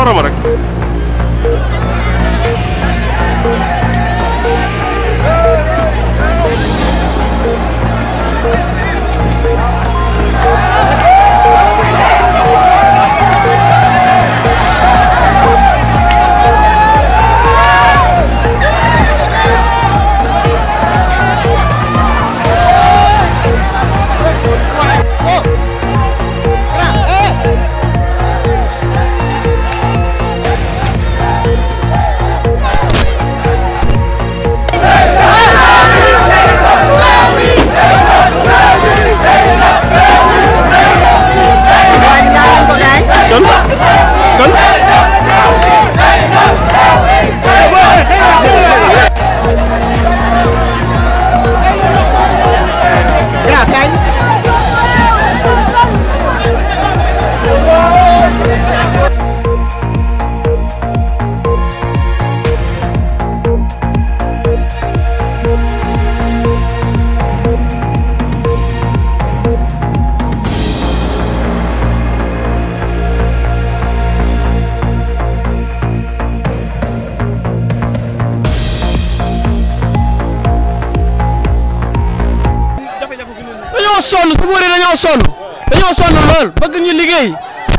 xoroma rek dañoo sonn chauffeur yi dañoo sonn dañoo sonn lool bëgg ñu liggéey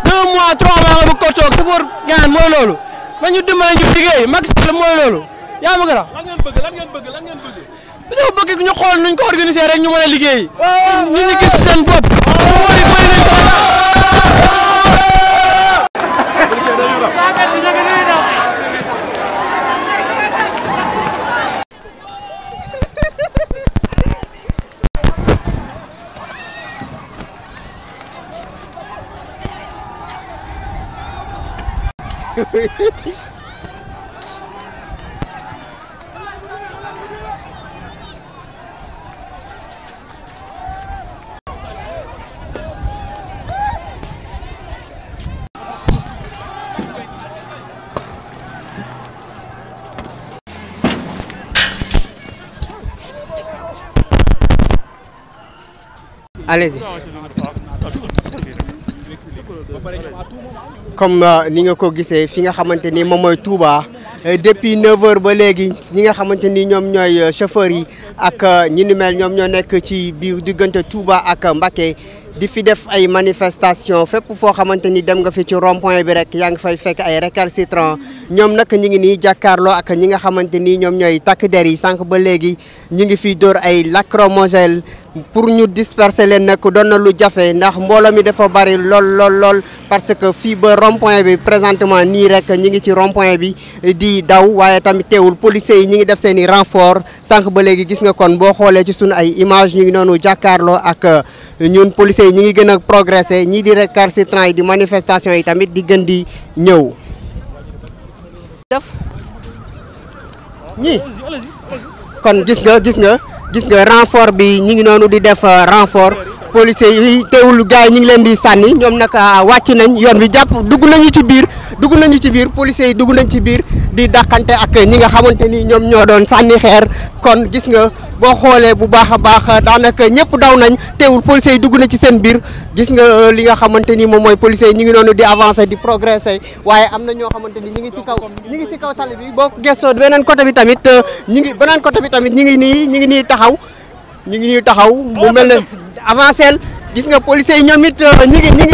deux mois trois mois nga bëgg ko toog chauffeur ñaan mooy loolu nañ ñu dimbale ñu liggéey Macky Sall mooy loolu yaa ma gën a. lan ngeen bëgg lan ngeen bëgg lan ngeen bëgg. dañoo bëgg ñu xool nuñ ko organiser rek ñu mën a liggéey. ñu ñu gis seen bopp. Allez-y. comme euh, ni nga ko gisee fi nga xamante ni moom mooy Touba euh, depuis 9h ba léegi ñi nga xamante ni ñoom ñooy euh, chauffeurs yi ak ñi ni ñoom ñoo nekk ci biir diggante Touba ak Mbacké di fi def ay manifestation fépp foo xamante ni dem nga fi ci rond bi rek yaa ngi fay fekk ay récalcitrant ñoom nag ñi ngi nii jàkkaarloo ak ñi nga xamante ni ñoom ñooy takk der yi sànq ba léegi ñi ngi fiy dóor ay lacrymogène pour ñu disperser leen nag doon na lu jafe ndax mbooloo mi dafa bari lool lool lool parce que fii ba rond bi présentement nii rek ñi ngi ci rond bi di daw waaye tamit teewul policiers yi ñi ngi def seen i renfort sànq ba léegi gis nga kon boo xoolee ci sunu ay image ñu ngi noonu jàkkaarloo ak ñun policiers lycée ñi ngi gën a progressé ñii di récalcitrants yi di manifestation yi tamit di gën di ñëw. def kon gis nga gis nga gis nga renfort bi ñu ngi noonu di def euh, renfort. policiers yi teewul gars yi ñu ngi leen di sànni ñoom nag ah, wàcc nañ yoon bi jàpp dugg nañu ci biir dugg nañu ci biir yi dugg nañ ci biir di dàqante ak ñi nga xamante ni ñoom ñoo doon sànni xeer kon gis nga boo xoolee bu baax a baax daanaka ñëpp daw nañ teewul policiers yi dugg na ci seen biir gis nga euh, li nga xamante ni moom mooy policiers yi ñu ngi noonu di avancer di progresser waaye am na ñoo xamante ni ñu ngi ci kaw ñu ngi ci kaw tali bi boo gëstoo beneen côté bi tamit euh, ñu ngi beneen côté bi tamit ñu ngi nii ñu ngi nii taxaw ñu taxaw mu avancé gis nga policiers yi ñoom it euh, ñu ngi ñu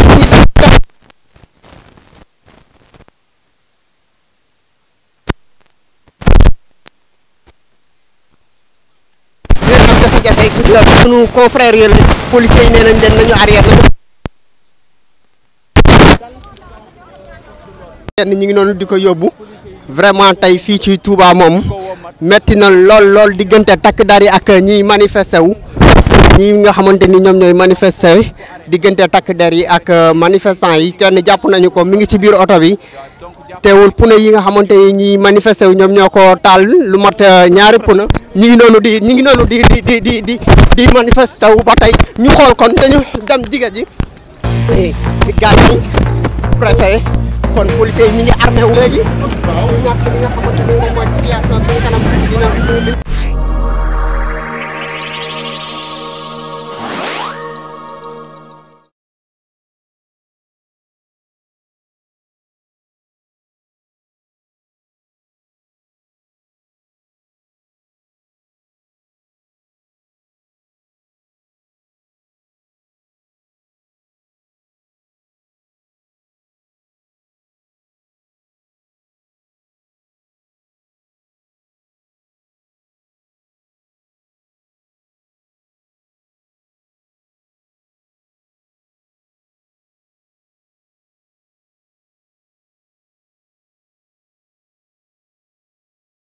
nga sunu confrère yi ñu ngi noonu di ko yóbbu vraiment tey fii ci Touba moom metti na lool lool diggante takk dari ak ñiy manifesté wu ñi nga xamante ni ñoom ñooy manifester diggante takk der yi ak euh, manifestant yi kenn jàpp nañu ko mi ngi ci biir oto bi teewul pune yi nga xamante ni ñi manifester wu ñoom ñoo ko taal lu mat euh, ñaari pune ñi ngi noonu di ñi ngi noonu di di di di ba tey ñu xool kon dañu dem diga ji eh,